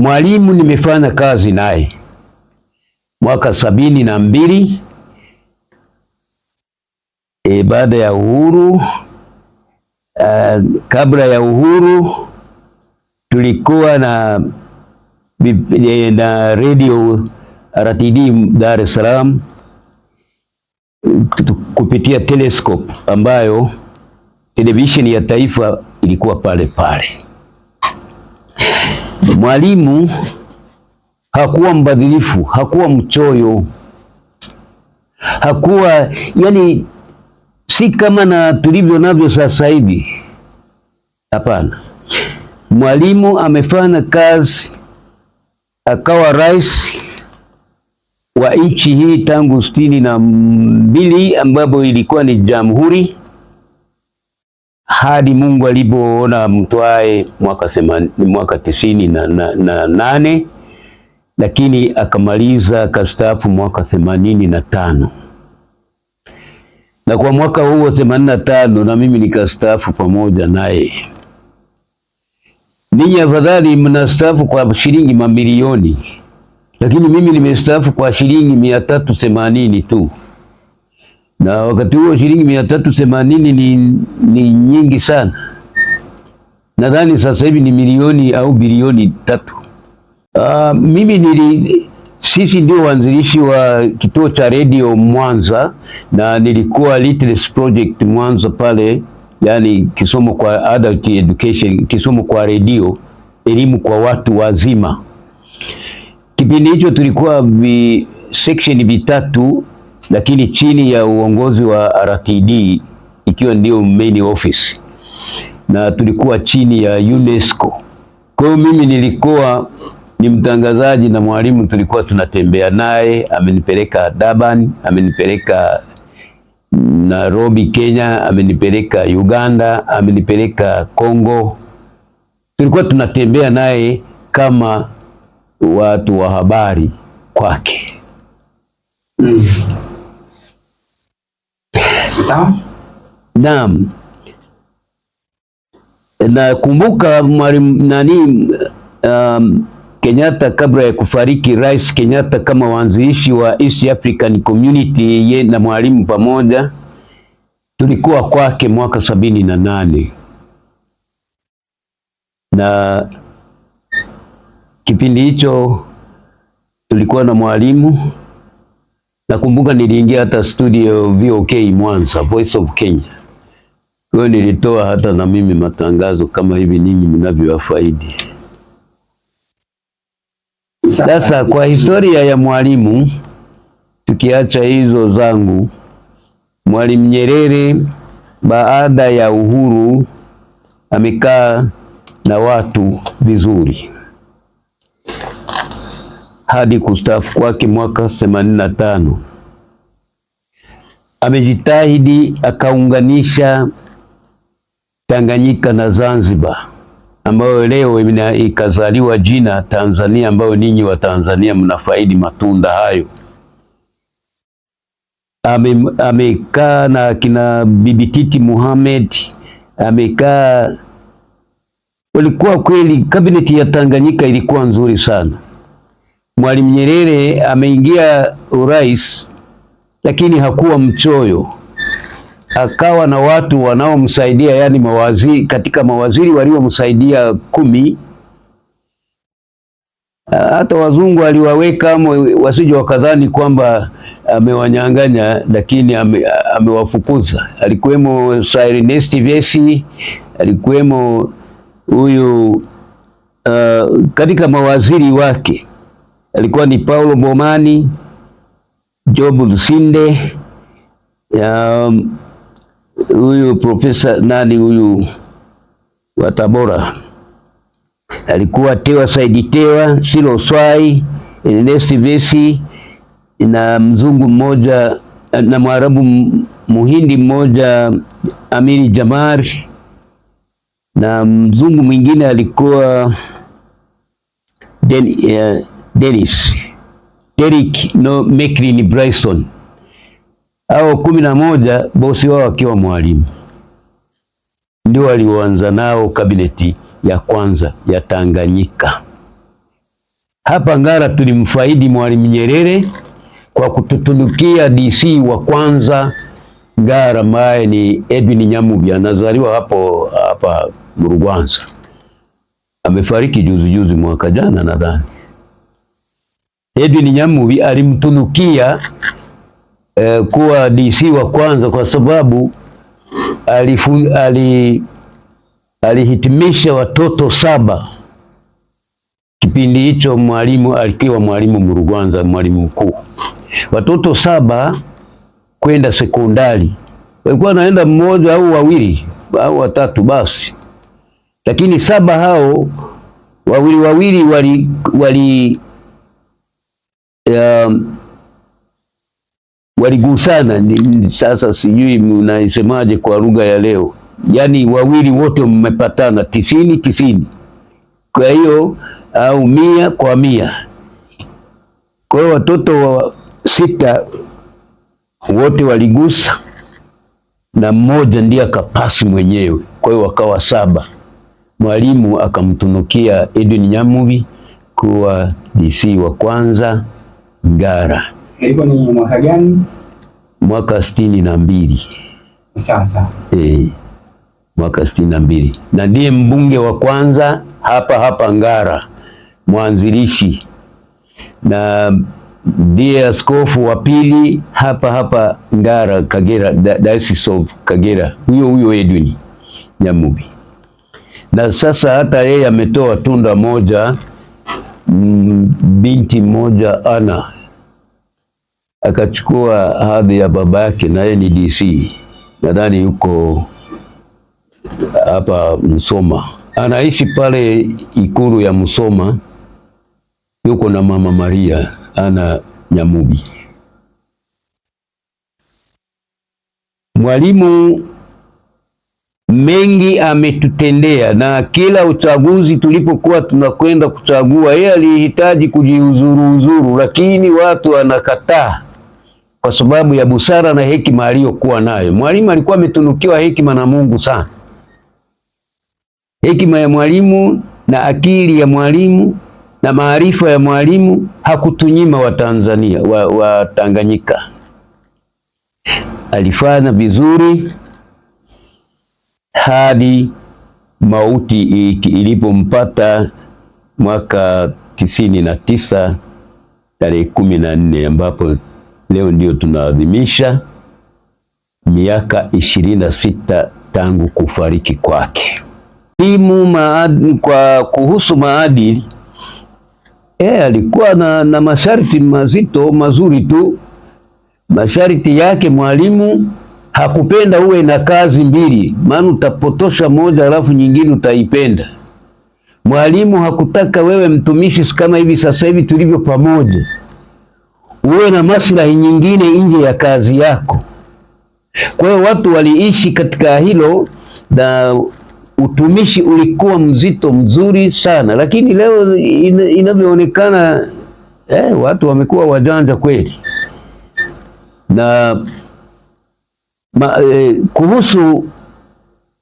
Mwalimu nimefanya kazi naye mwaka sabini na mbili e, baada ya uhuru uh, kabla ya uhuru tulikuwa na, e, na redio RTD Dar es Salaam kupitia telescope ambayo televisheni ya taifa ilikuwa pale pale. Mwalimu hakuwa mbadhilifu, hakuwa mchoyo, hakuwa yani, si kama na tulivyo navyo sasa hivi. Hapana, mwalimu amefanya kazi akawa rais wa nchi hii tangu sitini na mbili ambapo ilikuwa ni jamhuri hadi Mungu alipoona mtwae mwaka semani, mwaka tisini na, na, na nane, lakini akamaliza kastaafu mwaka themanini na tano na kwa mwaka huo themanini na tano na mimi nikastaafu pamoja naye. Ninyi afadhali mnastaafu kwa shilingi mamilioni, lakini mimi nimestaafu kwa shilingi mia tatu themanini tu na wakati huo shilingi mia tatu themanini ni, ni nyingi sana. Nadhani sasa hivi ni milioni au bilioni tatu. Uh, mimi nili sisi ndio waanzilishi wa kituo cha redio Mwanza na nilikuwa Literacy Project Mwanza pale, yani kisomo kwa adult education, kisomo kwa redio, elimu kwa watu wazima. Kipindi hicho tulikuwa vi section vitatu lakini chini ya uongozi wa RTD ikiwa ndio main office, na tulikuwa chini ya UNESCO. Kwa hiyo mimi nilikuwa ni mtangazaji na mwalimu, tulikuwa tunatembea naye, amenipeleka Durban, amenipeleka Nairobi Kenya, amenipeleka Uganda, amenipeleka Kongo. Tulikuwa tunatembea naye kama watu wa habari kwake. mm. Sawa? Naam. Nakumbuka mwalimu nani, um, Kenyatta kabla ya kufariki, Rais Kenyatta kama waanzilishi wa East African Community, ye na mwalimu pamoja tulikuwa kwake mwaka sabini na nane na kipindi hicho tulikuwa na mwalimu Nakumbuka niliingia hata studio VOK Mwanza, Voice of Kenya. Kwa nilitoa hata na mimi matangazo kama hivi ninyi mnavyowafaidi. Sasa kwa historia ya Mwalimu, tukiacha hizo zangu, Mwalimu Nyerere baada ya uhuru amekaa na watu vizuri hadi kustaafu kwake mwaka 85. Amejitahidi akaunganisha Tanganyika na Zanzibar ambayo leo ikazaliwa jina Tanzania, ambayo ninyi wa Tanzania mnafaidi matunda hayo. Amekaa ame na kina Bibi Titi Mohamed, amekaa walikuwa kweli, kabineti ya Tanganyika ilikuwa nzuri sana. Mwalimu Nyerere ameingia urais, lakini hakuwa mchoyo, akawa na watu wanaomsaidia yani mawaziri, katika mawaziri waliomsaidia kumi hata wazungu aliwaweka wasije wakadhani kwamba amewanyang'anya, lakini amewafukuza. Alikuwemo Sir Ernest alikuwemo huyu uh, katika mawaziri wake alikuwa ni Paulo Bomani, Job Lusinde, um, huyu um, profesa nani huyu wa Tabora alikuwa Tewa Saidi Tewa, Silo Swai, Ernest Vesi na mzungu mmoja na mwarabu muhindi mmoja Amiri Jamar, na mzungu mwingine alikuwa Den, uh, eh, Dennis, Derrick no Macklin Bryson, au kumi na moja, bosi wao akiwa mwalimu. Ndio walioanza nao kabineti ya kwanza ya Tanganyika. Hapa Ngara tulimfaidi Mwalimu Nyerere kwa kututunukia DC wa kwanza Ngara, ambaye ni Edwin Nyamubya, anazaliwa hapo hapa Murugwanza, amefariki juzi juzi, mwaka jana nadhani. Edwin Nyamubi alimtunukia eh, kuwa DC wa kwanza kwa sababu alifu, ali, alihitimisha watoto saba. Kipindi hicho mwalimu alikiwa mwalimu Murugwanza, mwalimu mkuu, watoto saba kwenda sekondari, walikuwa naenda mmoja au wawili au watatu basi, lakini saba hao wawili wawili wali, wali waligusana. Sasa sijui mnaisemaje kwa lugha ya leo, yaani wawili wote mmepatana tisini tisini, kwa hiyo au mia kwa mia. Kwa hiyo watoto wa sita wote waligusa na mmoja ndiye akapasi mwenyewe, kwa hiyo wakawa saba. Mwalimu akamtunukia Edwin Nyamubi kuwa DC wa kwanza. Ngara. Ilikuwa ni mwaka gani? Mwaka sitini na mbili. Sasa eh, mwaka sitini na mbili, na ndiye mbunge wa kwanza hapa hapa Ngara, mwanzilishi na ndiye askofu wa pili hapa hapa Ngara, Kagera, Diocese of Kagera, huyo huyo Edwin Nyamubi. Na sasa hata yeye ametoa tunda moja binti mmoja ana akachukua hadhi ya baba yake, naye ni DC, nadhani yuko hapa Musoma, anaishi pale ikulu ya Musoma, yuko na mama Maria ana Nyamubi mwalimu mengi ametutendea, na kila uchaguzi tulipokuwa tunakwenda kuchagua, yeye alihitaji kujiuzuru uzuru, lakini watu wanakataa kwa sababu ya busara na hekima aliyokuwa nayo. Mwalimu alikuwa ametunukiwa hekima na Mungu sana, hekima ya mwalimu na akili ya mwalimu na maarifa ya mwalimu hakutunyima Watanzania wa Watanganyika. Alifanya vizuri hadi mauti ilipompata mwaka tisini na tisa tarehe kumi na nne ambapo leo ndio tunaadhimisha miaka ishirini na sita tangu kufariki kwake. Timu maadili kwa kuhusu maadili e, alikuwa na, na masharti mazito mazuri tu. Masharti yake mwalimu hakupenda uwe na kazi mbili, maana utapotosha moja alafu nyingine utaipenda. Mwalimu hakutaka wewe mtumishi kama hivi sasa hivi tulivyo pamoja, uwe na maslahi nyingine nje ya kazi yako. Kwa hiyo watu waliishi katika hilo na utumishi ulikuwa mzito mzuri sana, lakini leo in, inavyoonekana eh, watu wamekuwa wajanja kweli na ma, eh, kuhusu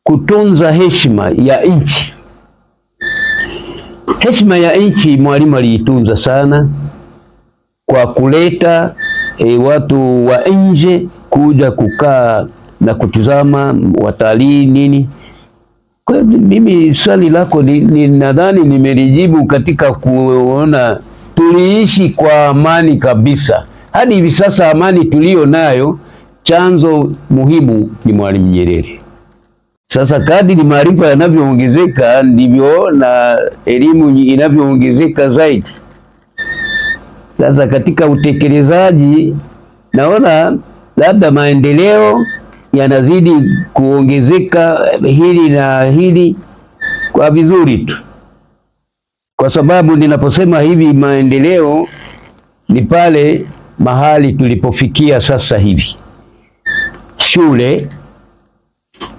kutunza heshima ya nchi. Heshima ya nchi Mwalimu aliitunza sana kwa kuleta eh, watu wa nje kuja kukaa na kutizama, watalii nini. Kwa mimi swali lako ni, ni nadhani nimelijibu katika kuona tuliishi kwa amani kabisa hadi hivi sasa. Amani tuliyo nayo chanzo muhimu ni Mwalimu Nyerere. Sasa kadiri maarifa yanavyoongezeka ndivyo na elimu inavyoongezeka zaidi. Sasa katika utekelezaji, naona labda maendeleo yanazidi kuongezeka hili na hili kwa vizuri tu, kwa sababu ninaposema hivi maendeleo ni pale mahali tulipofikia sasa hivi shule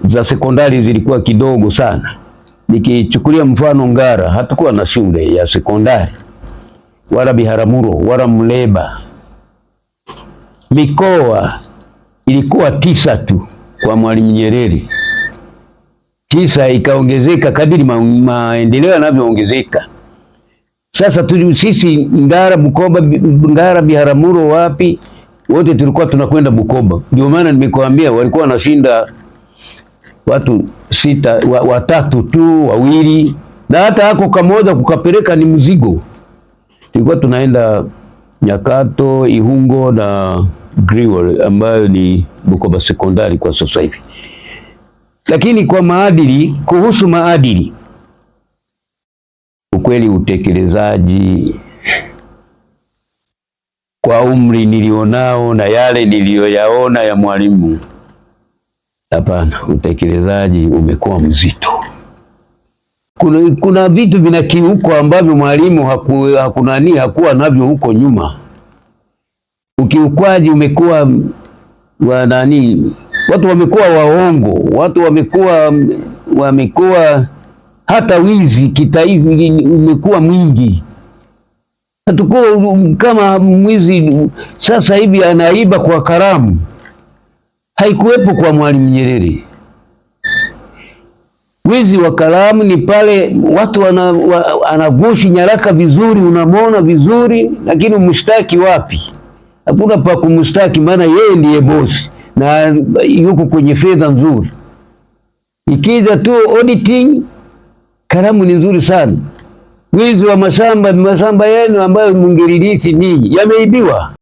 za sekondari zilikuwa kidogo sana. Nikichukulia mfano Ngara, hatukuwa na shule ya sekondari wala Biharamulo wala Muleba. Mikoa ilikuwa tisa tu kwa Mwalimu Nyerere, tisa ikaongezeka kadiri ma maendeleo yanavyoongezeka. Sasa tu sisi Ngara, Bukoba, Ngara, Biharamulo, wapi wote tulikuwa tunakwenda Bukoba. Ndio maana nimekuambia walikuwa wanashinda watu sita, wa, watatu tu wawili, na hata hako kamoja kukapeleka ni mzigo. Tulikuwa tunaenda Nyakato, Ihungo na Griwal ambayo ni Bukoba sekondari kwa sasa hivi. Lakini kwa maadili, kuhusu maadili, ukweli utekelezaji kwa umri nilionao na yale niliyoyaona ya mwalimu. Hapana, utekelezaji umekuwa mzito. Kuna, kuna vitu vinakiuko ambavyo mwalimu haku, hakunani hakuwa navyo huko nyuma. Ukiukwaji umekuwa wa nani, watu wamekuwa waongo, watu wamekuwa wamekuwa, hata wizi kitaifa umekuwa mwingi hatukuwa kama mwizi sasa hivi anaiba kwa karamu, haikuwepo kwa Mwalimu Nyerere. Wizi wa kalamu ni pale watu wana, wa, anagushi nyaraka vizuri, unamwona vizuri, lakini mshtaki wapi? Hakuna pa kumshtaki, maana yeye ndiye bosi na yuko kwenye fedha nzuri. Ikija tu auditing, kalamu ni nzuri sana wizi wa mashamba mashamba yenu ambayo mngerilisi ninyi yameibiwa.